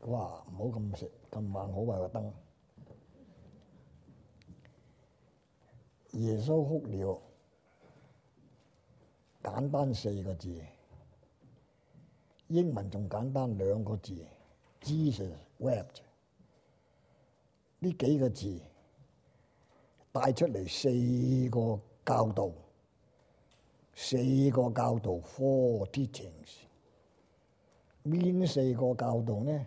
佢話唔好咁、啊、食，今晚好壞個燈。耶穌哭了，簡單四個字，英文仲簡單兩個字 Jesus wept。呢幾個字帶出嚟四個教導，四個教導 Four Teachings。邊四個教導呢？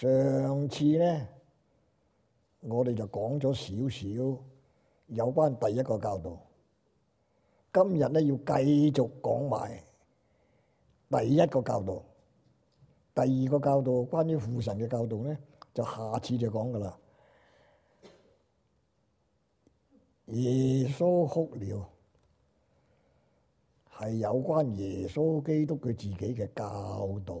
上次呢，我哋就講咗少少有關第一個教導。今日呢，要繼續講埋第一個教導，第二個教導關於父神嘅教導呢，就下次就講㗎喇。耶穌哭了，係有關耶穌基督佢自己嘅教導。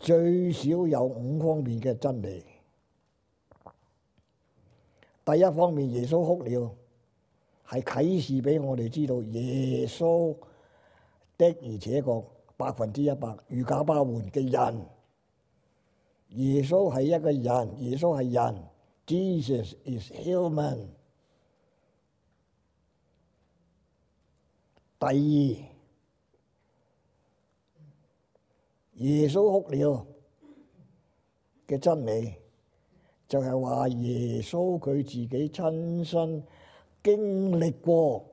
最少有五方面嘅真理。第一方面，耶穌哭了，係啟示俾我哋知道耶穌的而且確百分之一百如假包換嘅人。耶穌係一個人，耶穌係人。Jesus is human。第二。耶穌哭了嘅真理，就係話耶穌佢自己親身經歷過、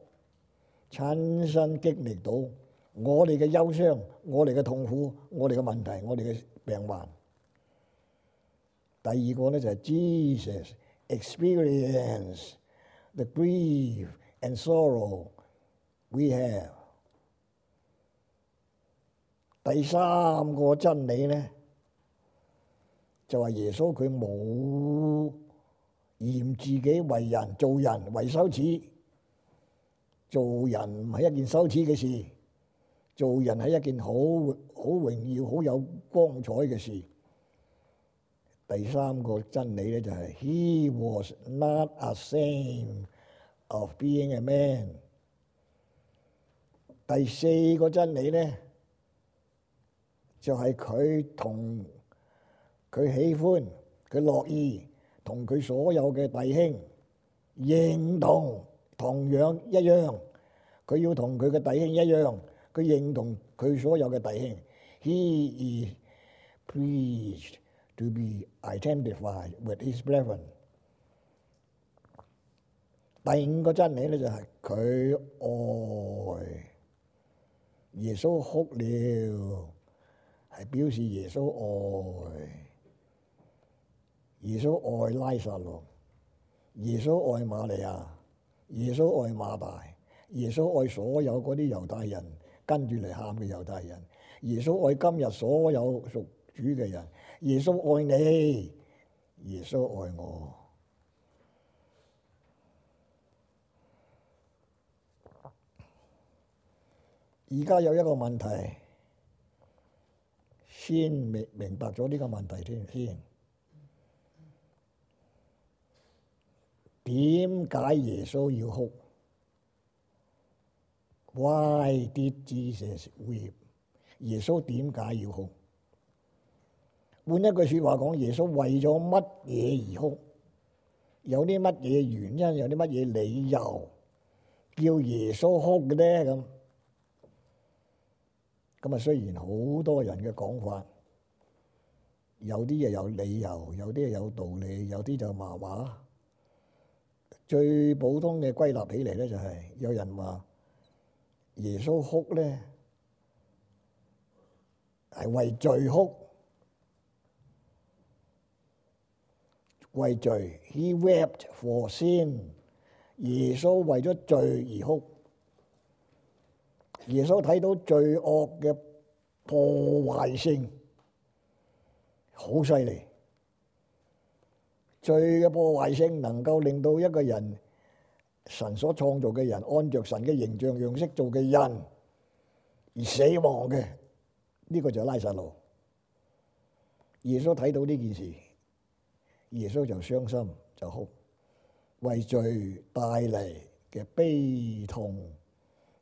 親身經歷到我哋嘅憂傷、我哋嘅痛苦、我哋嘅問題、我哋嘅病患。第二個咧，就係 Jesus experience the grief and sorrow we have。第三個真理呢，就話耶穌佢冇嫌自己為人做人為羞恥，做人唔係一件羞恥嘅事，做人係一件好好榮耀、好有光彩嘅事。第三個真理呢，就係 He was not ashamed of being a man。第四個真理呢。就係佢同佢喜歡，佢樂意同佢所有嘅弟兄認同，同樣一樣，佢要同佢嘅弟兄一樣，佢認同佢所有嘅弟兄。He is preached to be identified with his brethren。第五個真理咧就係、是、佢愛，耶穌哭了。係表示耶穌愛，耶穌愛拉撒路，耶穌愛瑪利亞，耶穌愛馬大，耶穌愛所有嗰啲猶太人，跟住嚟喊嘅猶太人，耶穌愛今日所有屬主嘅人，耶穌愛你，耶穌愛我。而家有一個問題。先明明白咗呢個問題先，點解耶穌要哭？Why did Jesus weep?？耶穌點解要哭？換一句說話講，耶穌為咗乜嘢而哭？有啲乜嘢原因？有啲乜嘢理由叫耶穌哭嘅咧？咁？咁啊，雖然好多人嘅講法，有啲嘢有理由，有啲嘢有道理，有啲就麻話。最普通嘅歸納起嚟咧，就係有人話耶穌哭咧係為罪哭，為罪。He wept for sin。耶穌為咗罪而哭。耶穌睇到罪惡嘅破壞性好犀利，罪嘅破壞性能夠令到一個人，神所創造嘅人，按着神嘅形象樣式做嘅人而死亡嘅，呢、這個就拉撒路。耶穌睇到呢件事，耶穌就傷心，就哭，為罪帶嚟嘅悲痛。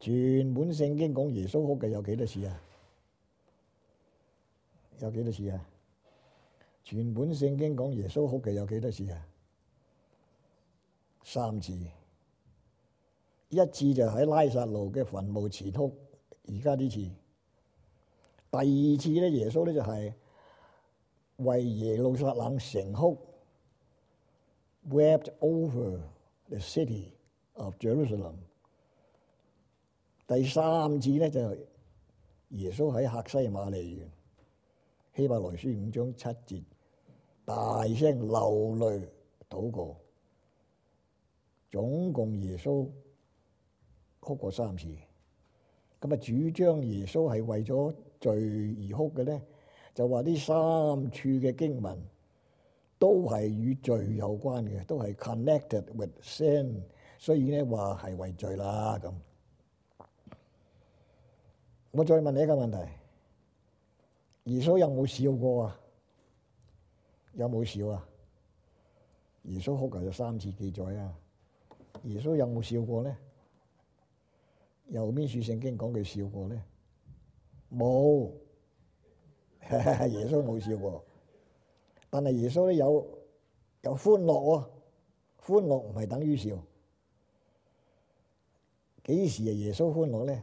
全本聖經講耶穌哭嘅有幾多次啊？有幾多次啊？全本聖經講耶穌哭嘅有幾多次啊？三次，一次就喺拉撒路嘅墳墓前哭，而家呢次，第二次咧，耶穌咧就係為耶路撒冷城哭，Wept over the city of Jerusalem。第三次咧就係耶穌喺客西馬尼園，希伯來書五章七節，大聲流淚禱告，總共耶穌哭過三次。咁啊，主張耶穌係為咗罪而哭嘅咧，就話呢三處嘅經文都係與罪有關嘅，都係 connected with sin，所以咧話係為罪啦咁。我再問你一個問題：耶穌有冇笑過啊？有冇笑啊？耶穌哭咗有三次記載啊。耶穌有冇笑過咧？有邊處聖經講佢笑過咧？冇， 耶穌冇笑過。但係耶穌都有有歡樂喎、啊，歡樂唔係等於笑。幾時啊？耶穌歡樂咧？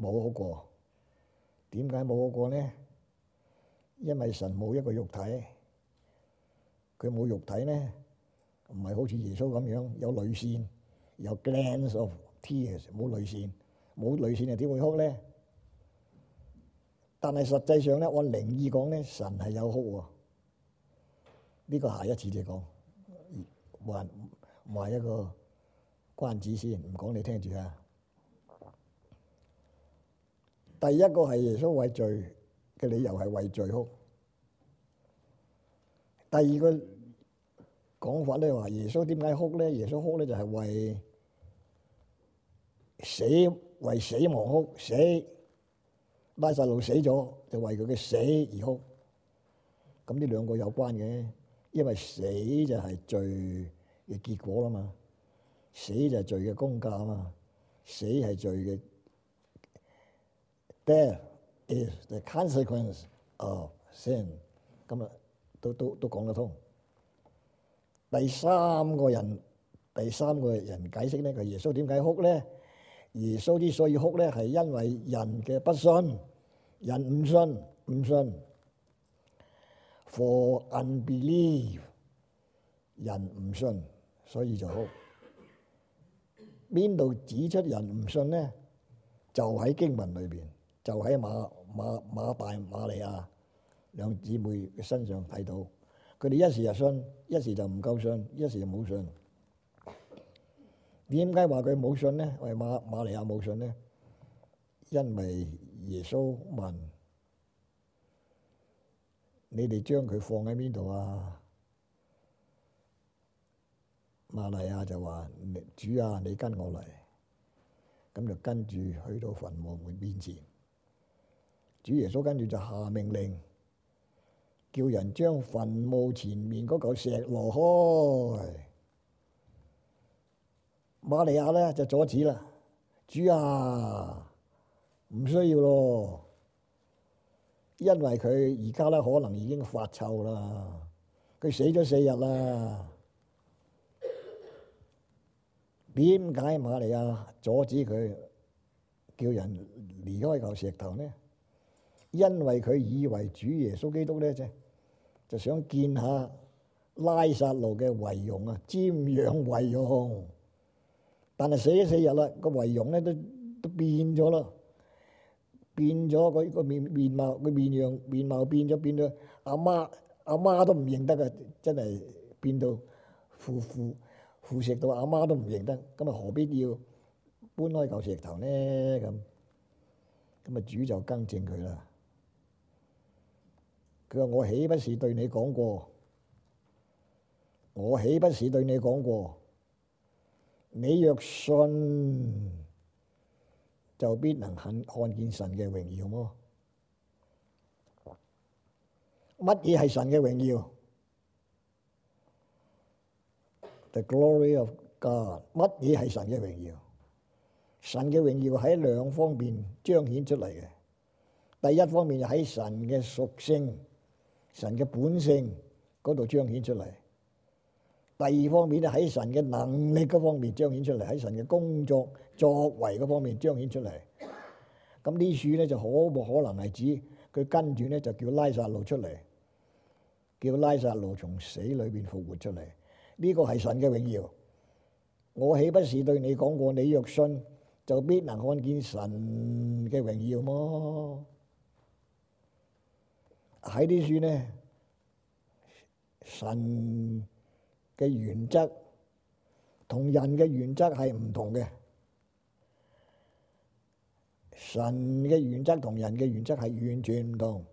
冇好過，點解冇好過咧？因為神冇一個肉體，佢冇肉體咧，唔係好似耶穌咁樣有淚腺，有 glands of tears，冇淚腺，冇淚腺啊，又點會哭咧？但係實際上咧，按靈意講咧，神係有哭啊！呢個下一次再講，還埋一個關子先，唔講你聽住啊。第一個係耶穌為罪嘅理由係為罪哭。第二個講法咧話耶穌點解哭咧？耶穌哭咧就係為死，為死亡哭。死，拉撒路死咗就為佢嘅死而哭。咁呢兩個有關嘅，因為死就係罪嘅結果啦嘛，死就係罪嘅工價吖嘛，死係罪嘅。There is the consequence of sin，咁啊都都都講得通。第三個人，第三個人解釋呢個耶穌點解哭咧？耶穌之所以哭咧，係因為人嘅不信，人唔信唔信，for unbelief 人唔信，所以就哭。邊度指出人唔信咧？就喺經文裏邊。就喺馬馬馬大馬利亞兩姊妹嘅身上睇到，佢哋一時就信，一時就唔夠信，一時就冇信。點解話佢冇信呢？為馬馬利亞冇信呢，因為耶穌問：你哋將佢放喺邊度啊？馬利亞就話：主啊，你跟我嚟，咁就跟住去到墳墓門面前。主耶穌跟住就下命令，叫人將墳墓前面嗰嚿石挪開。瑪利亞咧就阻止啦，主啊，唔需要咯，因為佢而家咧可能已經發臭啦。佢死咗四日啦。點解瑪利亞阻止佢叫人離開嚿石頭呢？因為佢以為主耶穌基督咧，就就想見下拉撒路嘅遺容啊，瞻仰遺容。但係死咗四日啦，個遺容咧都都變咗啦，變咗個個面面貌，個面樣面貌變咗變咗。阿媽阿媽都唔認得呀，真係變到腐腐腐蝕到阿媽都唔認得。咁啊，何必要搬開嚿石頭咧？咁咁啊，主就更正佢啦。佢話：我豈不是對你講過？我豈不是對你講過？你若信，就必能肯看見神嘅榮耀麼？乜嘢係神嘅榮耀？The glory of God，乜嘢係神嘅榮耀？神嘅榮耀喺兩方面彰顯出嚟嘅。第一方面就喺神嘅屬性。神嘅本性嗰度彰顯出嚟，第二方面喺神嘅能力嗰方面彰顯出嚟，喺神嘅工作作為嗰方面彰顯出嚟。咁呢處咧就好有可能係指佢跟住咧就叫拉撒路出嚟，叫拉撒路從死裏邊復活出嚟。呢、這個係神嘅榮耀，我豈不是對你講過，你若信，就必能看見神嘅榮耀麼？喺呢處咧，神嘅原則同人嘅原則係唔同嘅。神嘅原則同人嘅原則係完全唔同。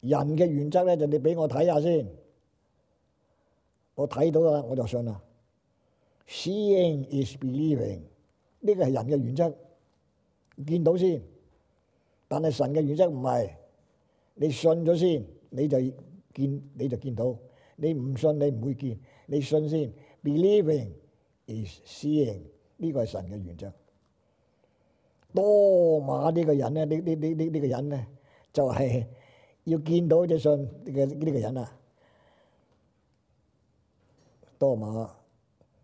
人嘅原則咧，就你俾我睇下先，我睇到啦，我就信啦。Seeing is believing，呢個係人嘅原則，見到先。但係神嘅原則唔係。你信咗先，你就見，你就見到。你唔信，你唔會見。你信先，Believing is seeing。呢個係神嘅原則。多馬呢個人咧，呢呢呢呢呢個人咧，就係要見到就信呢個，呢呢個人啊。多馬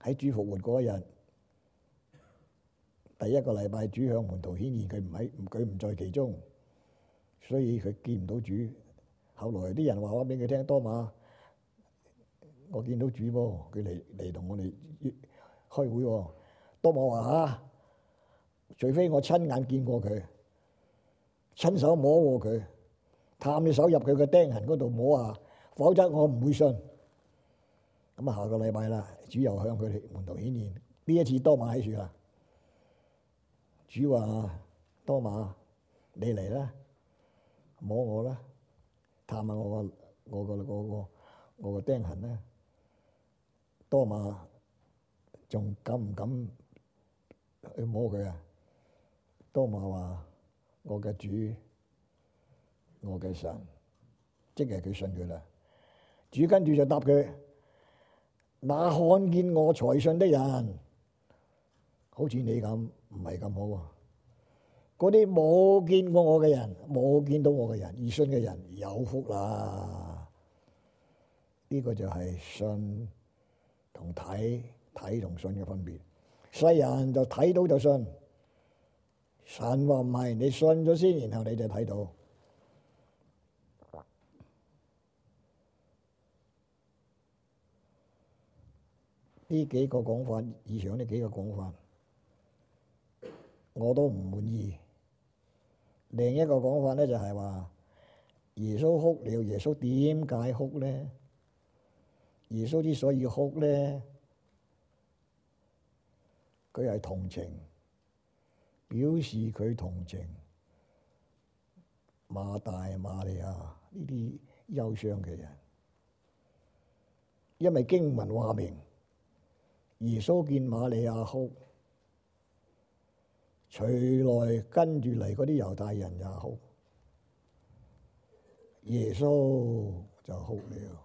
喺主復活嗰日，第一個禮拜主向門徒顯現，佢唔喺，佢唔在其中。所以佢見唔到主，後來啲人話我俾佢聽，多馬，我見到主喎，佢嚟嚟同我哋開會喎，多馬話嚇，除非我親眼見過佢，親手摸過佢，探隻手入佢個釘痕嗰度摸啊，否則我唔會信。咁啊，下個禮拜啦，主又向佢哋門徒顯現，呢一次多馬喺處啦，主話：多馬，你嚟啦！摸我啦，探下我個我個嗰個我個釘痕咧，多馬仲敢唔敢去摸佢啊？多馬話我嘅主，我嘅神，即係佢信佢啦。主跟住就答佢：那看見我才信的人，好似你咁，唔係咁好啊！嗰啲冇見過我嘅人，冇見到我嘅人，以信嘅人有福啦。呢、這個就係信同睇，睇同信嘅分別。世人就睇到就信，神話唔係你信咗先，然後你就睇到。呢幾個講法，以上呢幾個講法，我都唔滿意。另一個講法咧就係話，耶穌哭了。耶穌點解哭咧？耶穌之所以哭咧，佢係同情，表示佢同情馬大、馬利亞呢啲憂傷嘅人，因為經文話明，耶穌見馬利亞哭，隨來跟住嚟嗰啲猶太人也好，耶穌就哭了。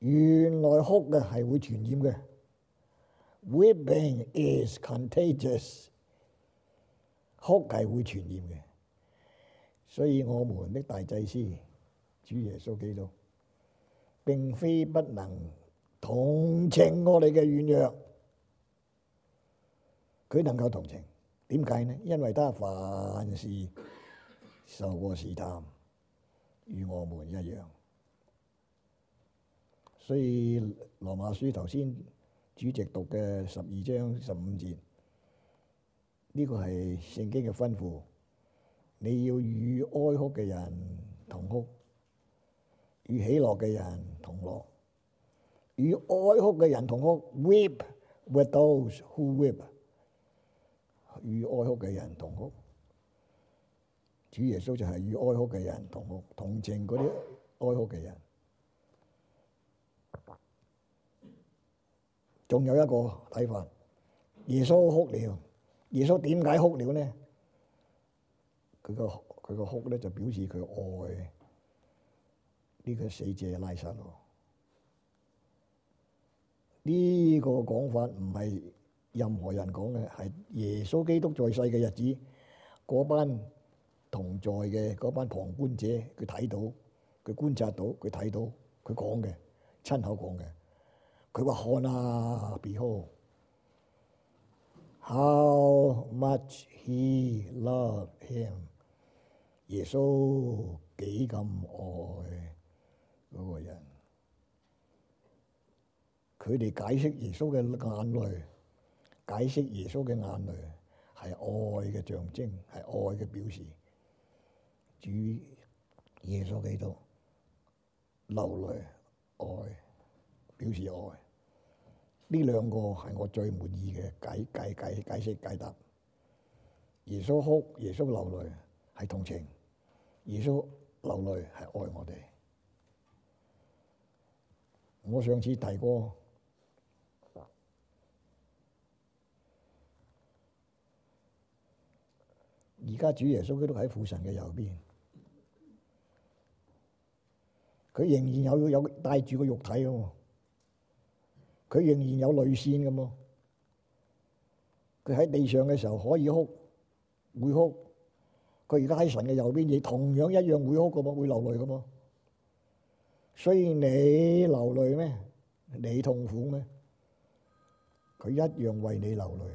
原來哭嘅係會傳染嘅，weeping is contagious，哭係會傳染嘅。所以我們的大祭司主耶穌基督，並非不能同情我哋嘅軟弱。佢能夠同情，點解呢？因為他凡事受過試探，與我們一樣。所以羅馬書頭先主席讀嘅十二章十五節，呢個係聖經嘅吩咐，你要與哀哭嘅人同哭，與喜樂嘅人同樂，與哀哭嘅人同哭。Weep with those who weep。與哀哭嘅人同哭，主耶穌就係與哀哭嘅人同哭，同情嗰啲哀哭嘅人。仲有一個睇法，耶穌哭了，耶穌點解哭了呢？佢個佢個哭咧就表示佢愛呢、這個死者拉撒路。呢、這個講法唔係。任何人講嘅係耶穌基督在世嘅日子，嗰班同在嘅嗰班旁觀者，佢睇到，佢觀察到，佢睇到，佢講嘅親口講嘅，佢話看啊，Behold，How much he loved him，耶穌幾咁愛嗰個人，佢哋解釋耶穌嘅眼淚。解釋耶穌嘅眼淚係愛嘅象徵，係愛嘅表示。主耶穌基督流淚，愛表示愛。呢兩個係我最滿意嘅解解解解釋解答。耶穌哭，耶穌流淚係同情；耶穌流淚係愛我哋。我上次提過。而家主耶穌基督佢都喺父神嘅右邊，佢仍然有有帶住個肉體嘅，佢仍然有淚腺嘅，佢喺地上嘅時候可以哭，會哭，佢而家喺神嘅右邊，亦同樣一樣會哭嘅嘛，會流淚嘅嘛。所以你流淚咩？你痛苦咩？佢一樣為你流淚，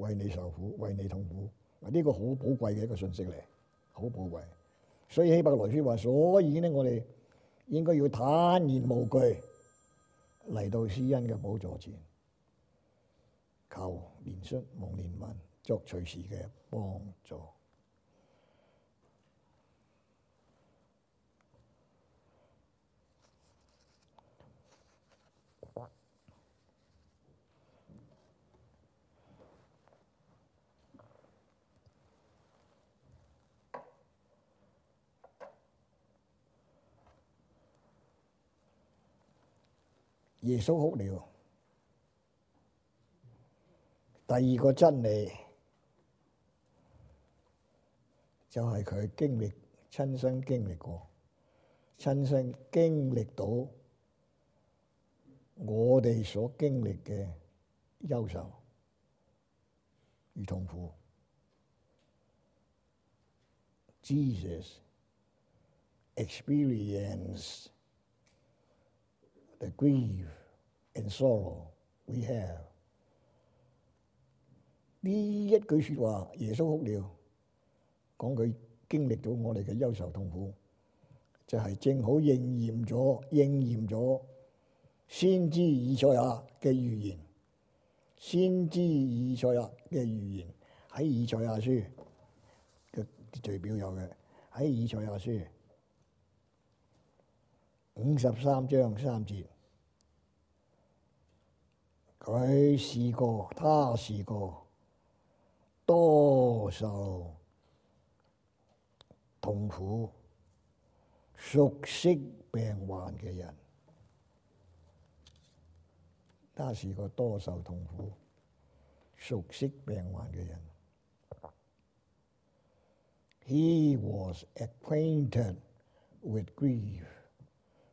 為你受苦，為你痛苦。呢個好寶貴嘅一個信息嚟，好寶貴。所以希伯來書話，所以咧我哋應該要坦然無懼嚟到施恩嘅寶座前，求憐恤、望憐憫、作隨時嘅幫助。耶穌哭了。第二個真理就係佢經歷，親身經歷過，親身經歷到我哋所經歷嘅憂愁與痛苦。Jesus experience。The grief and sorrow we have，呢一句說話耶穌哭了，講佢經歷咗我哋嘅憂愁痛苦，就係、是、正好應驗咗應驗咗先知以賽亞嘅預言，先知以賽亞嘅預言喺以賽亞書嘅最表有嘅喺以賽亞書五十三章三節，佢是個，他是個多受痛苦、熟悉病患嘅人。他是個多受痛苦、熟悉病患嘅人。He was acquainted with grief.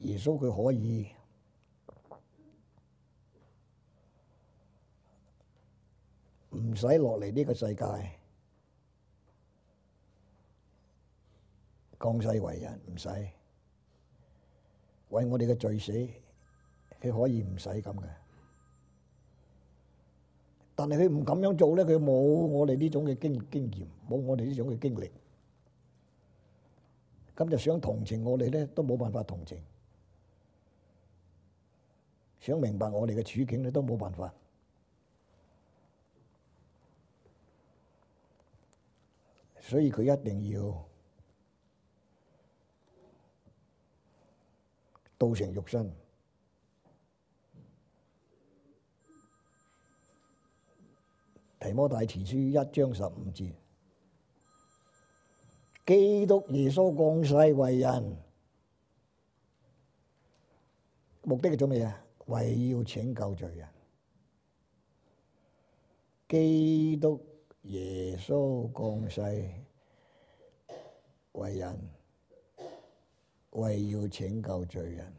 耶穌佢可以唔使落嚟呢個世界，降世為人唔使，為我哋嘅罪死，佢可以唔使咁嘅。但係佢唔咁樣做呢，佢冇我哋呢種嘅經經驗，冇我哋呢種嘅經歷，咁就想同情我哋呢，都冇辦法同情。想明白我哋嘅處境你都冇辦法，所以佢一定要道成肉身。《提摩太前書》一章十五節，基督耶穌降世為人，目的係做咩啊？為要拯救罪人，基督耶穌降世為人，為要拯救罪人。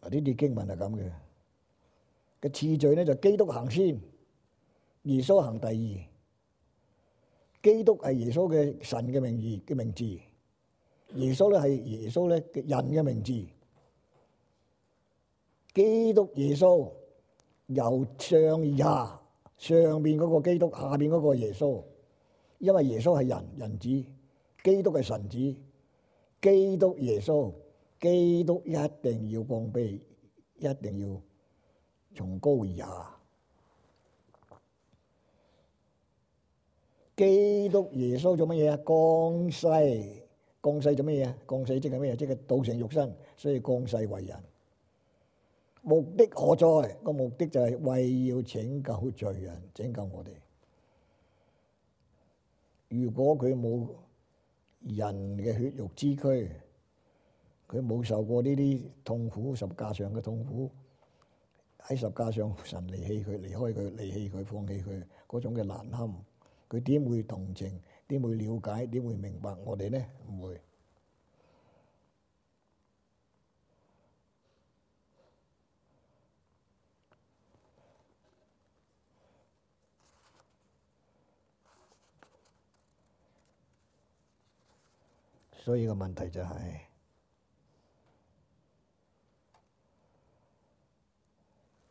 嗱，呢啲經文係咁嘅。嘅次序咧就基督行先，耶穌行第二。基督係耶穌嘅神嘅名義嘅名字，耶穌咧係耶穌咧嘅人嘅名字。基督耶穌由上而下，上邊嗰個基督，下邊嗰個耶穌，因為耶穌係人，人子；基督係神子。基督耶穌，基督一定要降卑，一定要從高而下。基督耶穌做乜嘢啊？降世，降世做乜嘢啊？降世即係咩嘢？即係道成肉身，所以降世為人。目的何在？個目的就係為要拯救罪人，拯救我哋。如果佢冇人嘅血肉之軀，佢冇受過呢啲痛苦，十架上嘅痛苦，喺十架上神離棄佢、離開佢、離棄佢、放棄佢嗰種嘅難堪，佢點會同情？點會了解？點會明白我哋呢？唔會。所以個問題就係，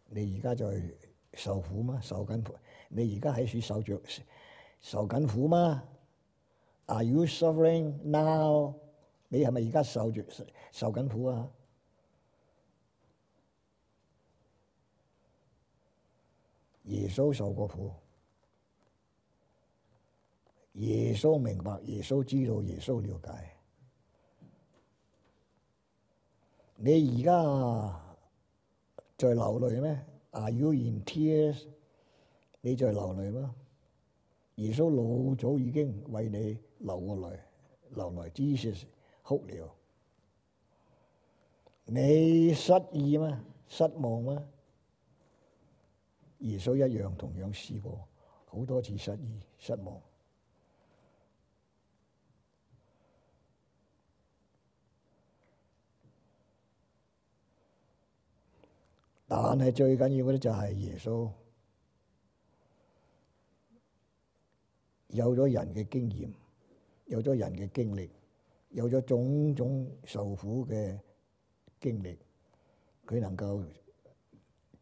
你而家在受苦嗎？受緊苦？你而家喺處受著受緊苦嗎？Are you suffering now？你係咪而家受著受緊苦啊？耶穌受過苦，耶穌明白，耶穌知道，耶穌了解。你而家在，在流淚咩？Are you in tears？你在流淚嗎？耶穌老早已經為你流過淚，流淚之時哭了。你失意嗎？失望嗎？耶穌一樣同樣試過好多次失意、失望。但係最緊要嗰啲就係耶穌，有咗人嘅經驗，有咗人嘅經歷，有咗種種受苦嘅經歷，佢能夠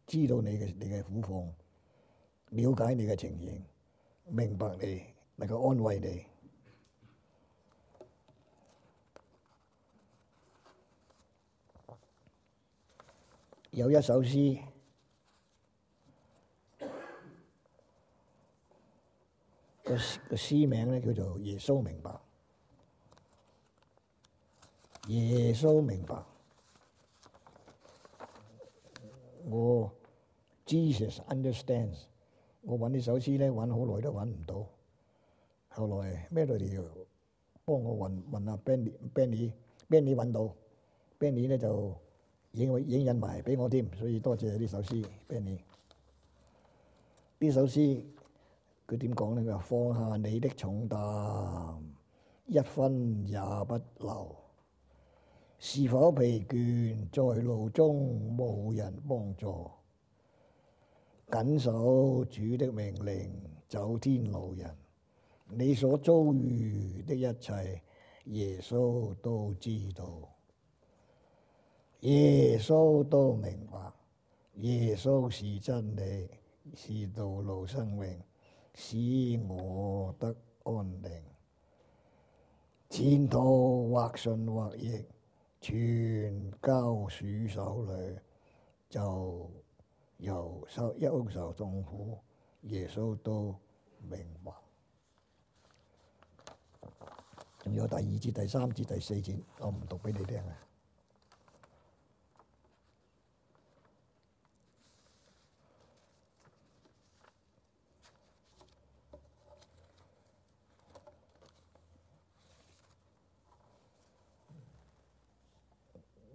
知道你嘅你嘅苦況，瞭解你嘅情形，明白你，能夠安慰你。有一首詩，個個詩名咧叫做《耶穌明白》，耶穌明白，我 Jesus understands，我揾呢首詩咧揾好耐都揾唔到，後來咩嚟？哋幫我揾揾阿 Benny Benny Benny，揾到 Benny 咧就。影影印埋俾我添，所以多謝呢首詩俾你。呢首詩佢點講呢？佢話放下你的重擔，一分也不留。是否疲倦在路中無人幫助？謹守主的命令，走天路人。你所遭遇的一切，耶穌都知道。耶穌都明白，耶穌是真理，是道路，生命使我得安定。前途或順或逆，全交主手裏，就由一受安樂受痛苦。耶穌都明白。仲有第二節、第三節、第四節，我唔讀俾你聽啊。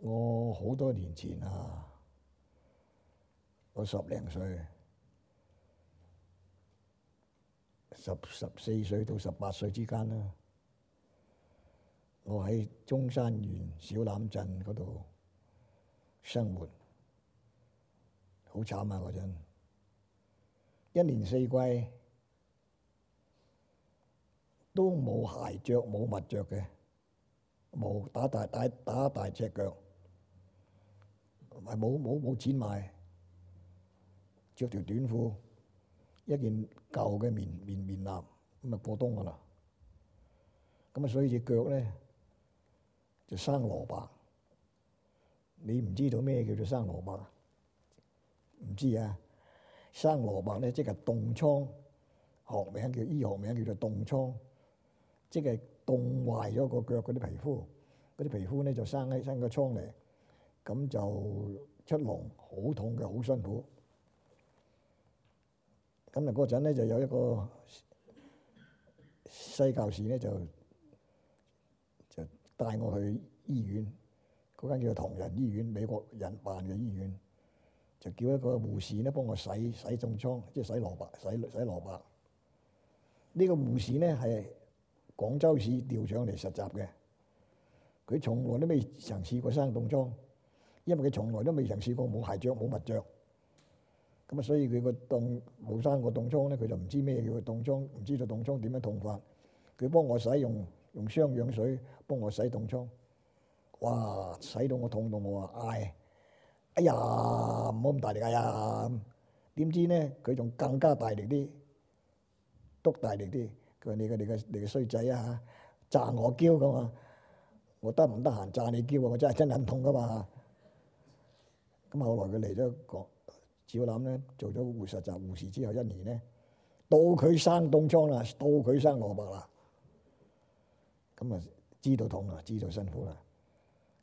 我好多年前啊，我十零歲、十十四歲到十八歲之間啦，我喺中山縣小欖鎮嗰度生活，好慘啊！嗰陣一年四季都冇鞋着，冇襪着嘅，冇打大打打大隻腳。係冇冇冇錢買，着條短褲，一件舊嘅棉棉棉襖，咁啊過冬噶啦。咁啊，所以隻腳咧就生蘿蔔。你唔知道咩叫做生蘿蔔？唔知啊！生蘿蔔咧即係凍瘡，學名叫醫學名叫做凍瘡，即係凍壞咗個腳嗰啲皮膚，嗰啲皮膚咧就生起生個瘡嚟，咁就出籠好痛嘅，好辛苦。咁啊嗰陣咧就有一個西教士咧就就帶我去醫院，嗰間叫做同仁醫院，美國人辦嘅醫院，就叫一個護士咧幫我洗洗凍瘡，即係洗蘿蔔洗洗蘿蔔。呢個護士咧係廣州市調上嚟實習嘅，佢從來都未嘗試過生凍瘡。因為佢從來都未曾試過冇鞋著冇襪著，咁啊，所以佢個凍冇生過凍瘡咧，佢就唔知咩叫凍瘡，唔知道凍瘡點樣痛法。佢幫我使用用雙氧水幫我洗凍瘡，哇！洗到我痛到我啊！哎呀，唔好咁大力啊！呀，點知咧佢仲更加大力啲，督大力啲。佢話：你個你個你個衰仔啊嚇，炸我嬌噶嘛，我得唔得閒炸你嬌啊？我真係真係痛噶嘛。咁後來佢嚟咗，趙林咧做咗護實習護士之後一年咧，到佢生凍瘡啦，到佢生蘿蔔啦，咁啊知道痛啦，知道辛苦啦，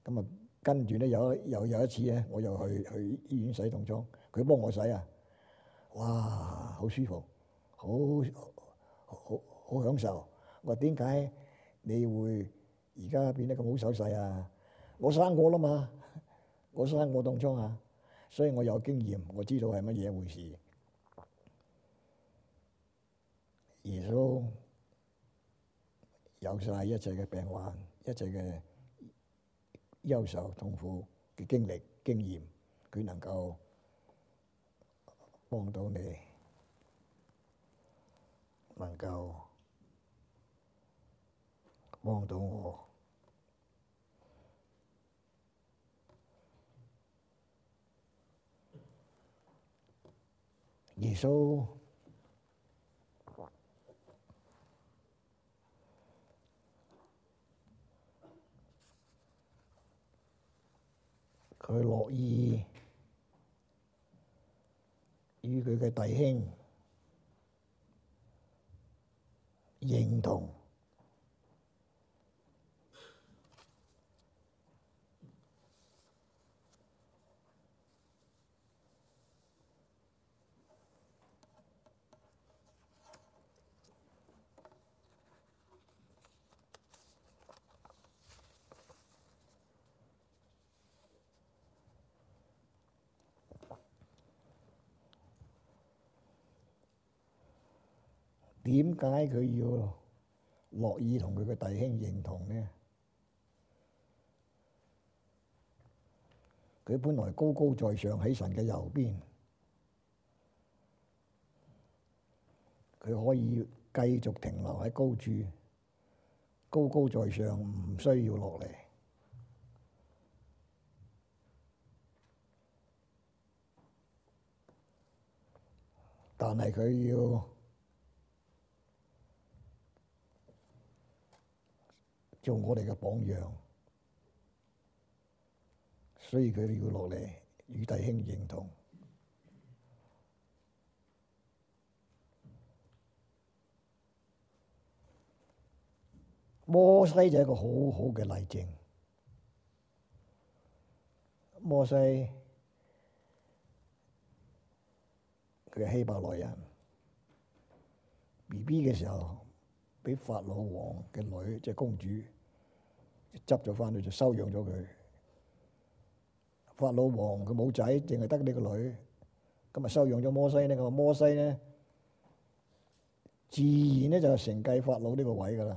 咁啊跟住咧有又有一次咧，我又去去醫院洗凍瘡，佢幫我洗啊，哇，好舒服，好好好享受。我話點解你會而家變得咁好手勢啊？我生過啦嘛。我生活當中啊，所以我有經驗，我知道係乜嘢回事。耶穌有曬一切嘅病患、一切嘅憂愁、痛苦嘅經歷經驗，佢能夠幫到你，能夠幫到我。耶穌佢樂意同佢嘅弟兄認同。點解佢要樂意同佢嘅弟兄認同呢？佢本來高高在上喺神嘅右邊，佢可以繼續停留喺高處，高高在上唔需要落嚟，但係佢要。做我哋嘅榜樣，所以佢哋要落嚟與弟兄認同。摩西就係一個好好嘅例證。摩西佢係希伯來人，BB 嘅時候俾法老王嘅女即係公主。執咗翻去就收養咗佢。法老王佢冇仔，淨係得呢個女，咁啊收養咗摩西咧。我摩西咧，自然咧就係承繼法老呢個位噶啦。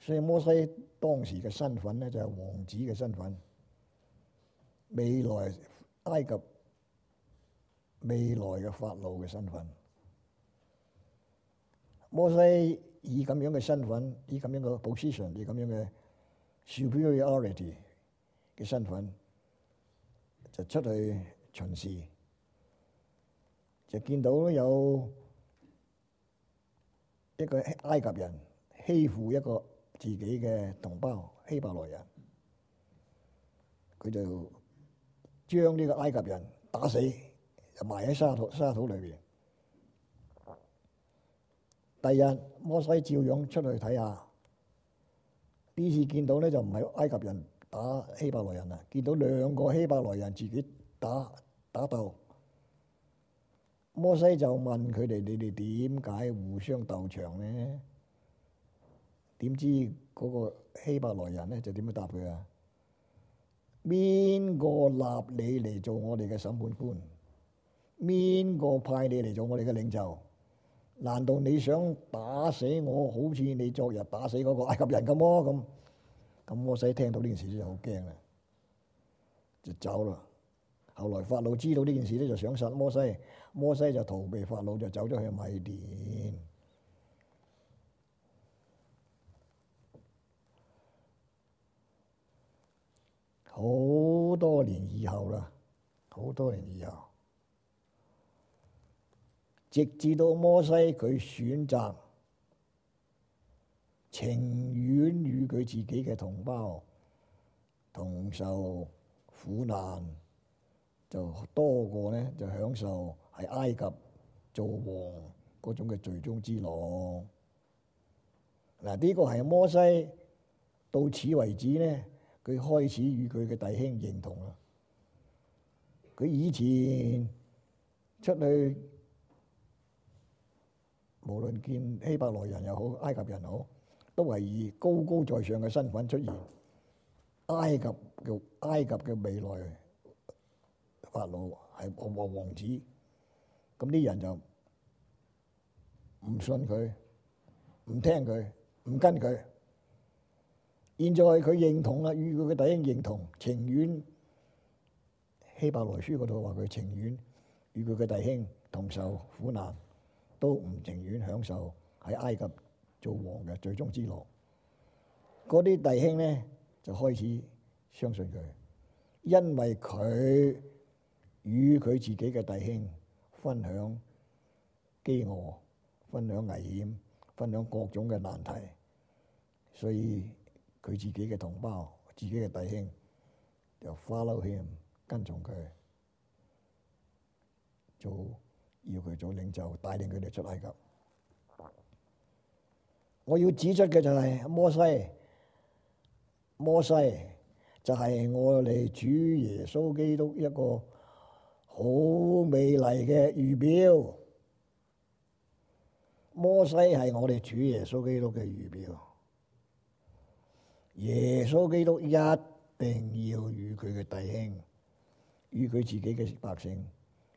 所以摩西當時嘅身份咧就係王子嘅身份，未來埃及未來嘅法老嘅身份。摩西以咁樣嘅身份，以咁樣嘅 position，以咁樣嘅。Superiority 嘅身份就出去巡視，就見到有一個埃及人欺負一個自己嘅同胞希伯來人，佢就將呢個埃及人打死，就埋喺沙土沙土裏邊。第二日，摩西照樣出去睇下。呢次見到呢，就唔係埃及人打希伯來人啦，見到兩個希伯來人自己打打鬥，摩西就問佢哋：你哋點解互相鬥場呢？點知嗰個希伯來人呢，就點樣答佢啊？邊個立你嚟做我哋嘅審判官？邊個派你嚟做我哋嘅領袖？難道你想打死我，好似你昨日打死嗰個埃及人咁麼？咁，咁摩西聽到呢件事就好驚啦，就走啦。後來法老知道呢件事咧，就想殺摩西。摩西就逃避法老，就走咗去米甸。好多年以後啦，好多年以後。直至到摩西，佢選擇情願與佢自己嘅同胞同受苦難，就多過咧就享受喺埃及做王嗰種嘅罪中之樂。嗱，呢個係摩西到此為止咧，佢開始與佢嘅弟兄認同啦。佢以前出去。無論見希伯來人又好，埃及人好，都係以高高在上嘅身份出現。埃及嘅埃及嘅未來法老係王王子，咁啲人就唔信佢，唔聽佢，唔跟佢。現在佢認同啦，與佢嘅弟兄認同，情願希伯來書嗰度話佢情願與佢嘅弟兄同受苦難。都唔情願享受喺埃及做王嘅最終之樂。嗰啲弟兄呢就開始相信佢，因為佢與佢自己嘅弟兄分享饑餓、分享危險、分享各種嘅難題，所以佢自己嘅同胞、自己嘅弟兄就 follow him 跟從佢做。要佢做領袖，帶領佢哋出嚟。噶，我要指出嘅就係，摩西，摩西就係我哋主耶穌基督一個好美麗嘅預表。摩西係我哋主耶穌基督嘅預表。耶穌基督一定要與佢嘅弟兄，與佢自己嘅百姓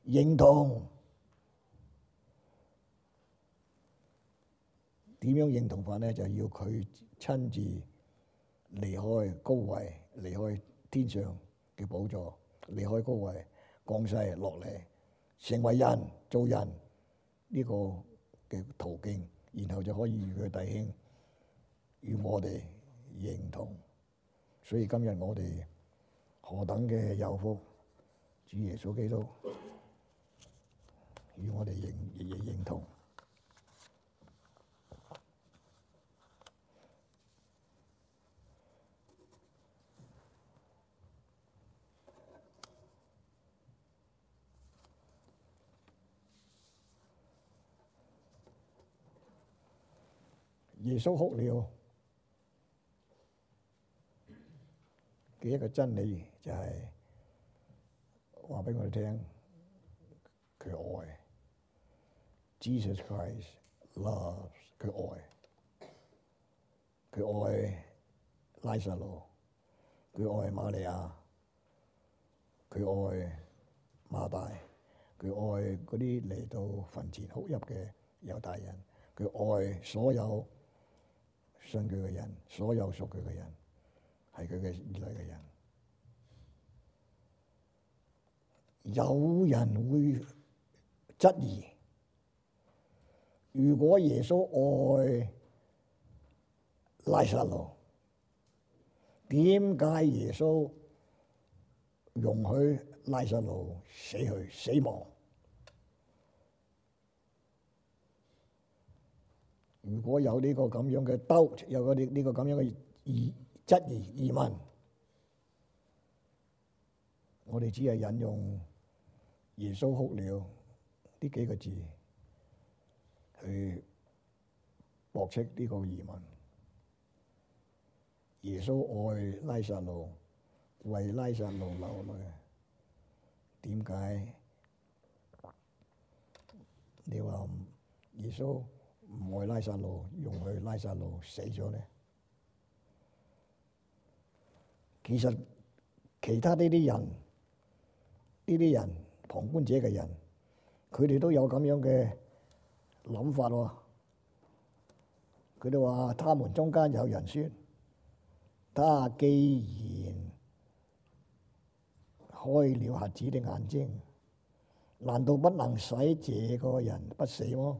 認同。點樣認同法咧？就要佢親自離開高位，離開天上嘅寶座，離開高位降世落嚟，成為人做人呢個嘅途徑，然後就可以與佢弟兄與我哋認同。所以今日我哋何等嘅有福！主耶穌基督與我哋認認認同。耶穌哭了，嘅一個真理就係話俾我哋聽，佢愛 Jesus Christ loves，佢愛佢愛拉撒路，佢愛瑪利亞，佢愛馬大，佢愛嗰啲嚟到墳前哭泣嘅猶大人，佢愛所有。信佢嘅人，所有屬佢嘅人，係佢嘅兒女嘅人。有人會質疑：如果耶穌愛拉撒路，點解耶穌容許拉撒路死去，死亡？如果有呢個咁樣嘅 doubt，有嗰啲呢個咁樣嘅疑質疑疑問，我哋只係引用耶穌哭了呢幾個字去駁斥呢個疑問。耶穌愛拉撒路，為拉撒路流淚，點解？你話耶穌？唔會拉撒路，用去拉撒路死咗呢，其實其他呢啲人，呢啲人旁觀者嘅人，佢哋都有咁樣嘅諗法喎、哦。佢哋話：他們中間有人説，他既然開了瞎子的眼睛，難道不能使這個人不死麼？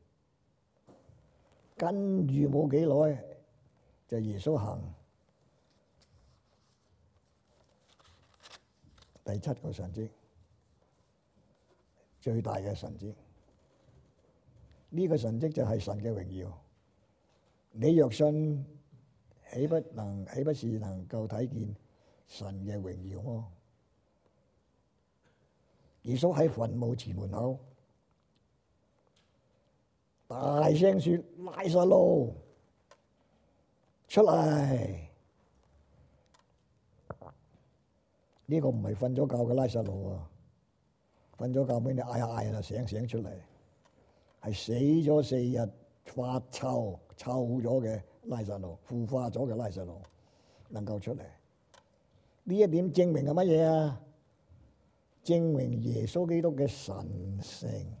跟住冇幾耐，就耶穌行第七個神蹟，最大嘅神蹟。呢、這個神蹟就係神嘅榮耀。你若信，豈不能，豈不是能夠睇見神嘅榮耀麼？耶穌喺墳墓前門口。大聲說，拉撒路出嚟！呢、這個唔係瞓咗覺嘅拉撒路啊，瞓咗覺俾你嗌嗌啦，醒醒出嚟，係死咗四日發臭臭咗嘅拉撒路，腐化咗嘅拉撒路，能夠出嚟。呢一點證明係乜嘢啊？證明耶穌基督嘅神聖。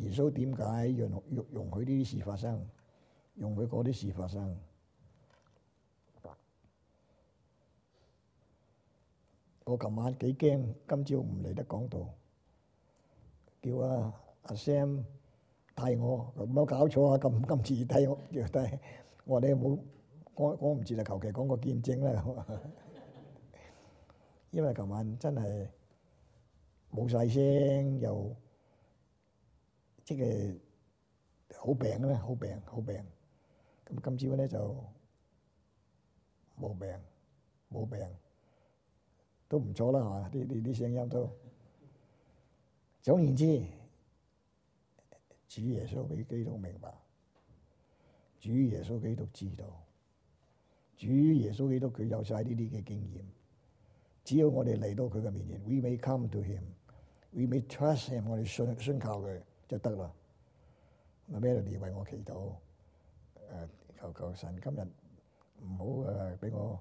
耶穌點解容容容許呢啲事發生，容許嗰啲事發生？我琴晚幾驚，今朝唔嚟得講道，叫阿阿 Sam 替我，冇搞錯啊！咁今次低我叫低，我話你冇講講唔住就求其講個見證啦。因為琴晚真係冇晒聲又。即係好病咧，好病，好病。咁今朝咧就冇病，冇病，都唔錯啦。係嘛？啲啲啲聲音都總言之，主耶穌俾基督明白，主耶穌基督知道，主耶穌基督佢有晒呢啲嘅經驗。只要我哋嚟到佢嘅面前，We may come to him, we may trust him。我哋信信靠佢。就得啦，Melody 你為我祈禱，呃、求求神今日唔好誒俾我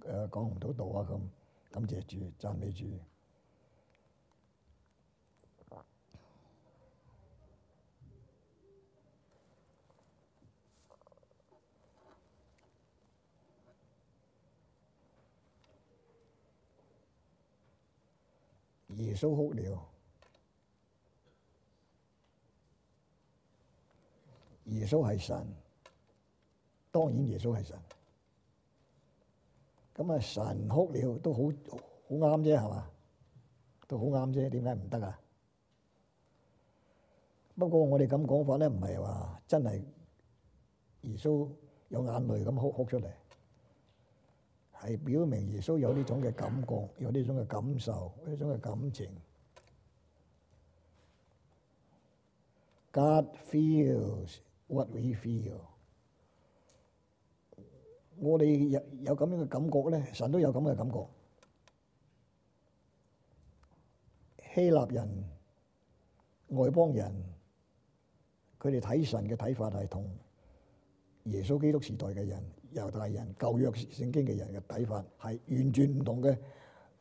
誒講唔到道啊，咁，感謝主，讚美主。啊、耶穌哭了。耶穌係神，當然耶穌係神。咁啊，神哭了都好好啱啫，係嘛？都好啱啫。點解唔得啊？不過我哋咁講法咧，唔係話真係耶穌有眼淚咁哭哭出嚟，係表明耶穌有呢種嘅感覺，有呢種嘅感受，呢種嘅感情。God feels. What we feel，我哋有有咁樣嘅感覺咧，神都有咁嘅感覺。希臘人、外邦人，佢哋睇神嘅睇法係同耶穌基督時代嘅人、猶太人、舊約聖經嘅人嘅睇法係完全唔同嘅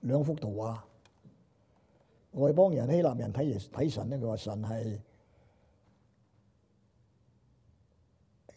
兩幅圖畫。外邦人、希臘人睇耶睇神咧，佢話神係。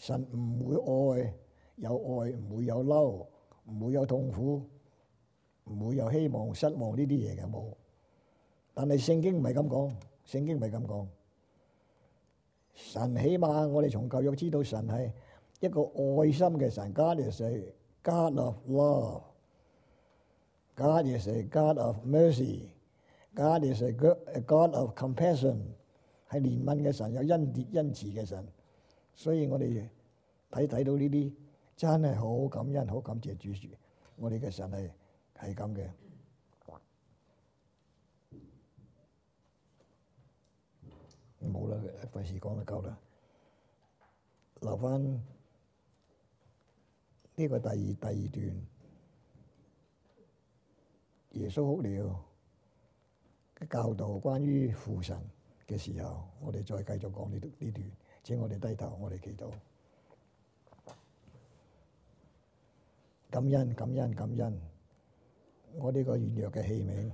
神唔會愛，有愛唔會有嬲，唔會有痛苦，唔會有希望失望呢啲嘢嘅，冇。但係聖經唔係咁講，聖經唔係咁講。神起碼我哋從舊約知道神係一個愛心嘅神，God is a God of love，God is a God of mercy，God is a a God of compassion，係憐憫嘅神，有恩典恩慈嘅神。所以我哋睇睇到呢啲真係好感恩、好感謝主主，我哋嘅神係係咁嘅。冇啦，費事講就夠啦。留返呢個第二第二段，耶穌哭了嘅教導關於父神嘅時候，我哋再繼續講呢段呢段。請我哋低頭，我哋祈禱，感恩感恩感恩。我呢個軟弱嘅器皿，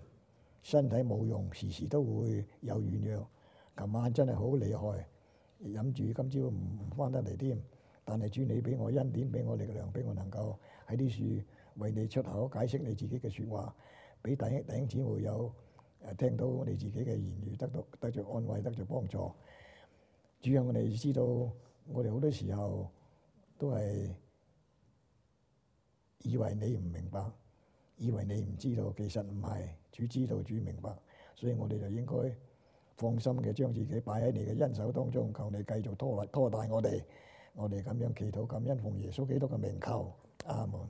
身體冇用，時時都會有軟弱。琴晚真係好厲害，飲住今朝唔翻得嚟添。但係主，你俾我恩典，俾我力量，俾我能夠喺啲樹為你出口解釋你自己嘅説話，俾弟兄弟兄姊妹有誒聽到我哋自己嘅言語，得到得著安慰，得著幫助。主啊，我哋知道，我哋好多時候都係以為你唔明白，以為你唔知道，其實唔係，主知道，主明白，所以我哋就應該放心嘅將自己擺喺你嘅恩手當中，求你繼續拖拉拖帶我哋，我哋咁樣祈禱感恩，奉耶穌基督嘅名求，阿門。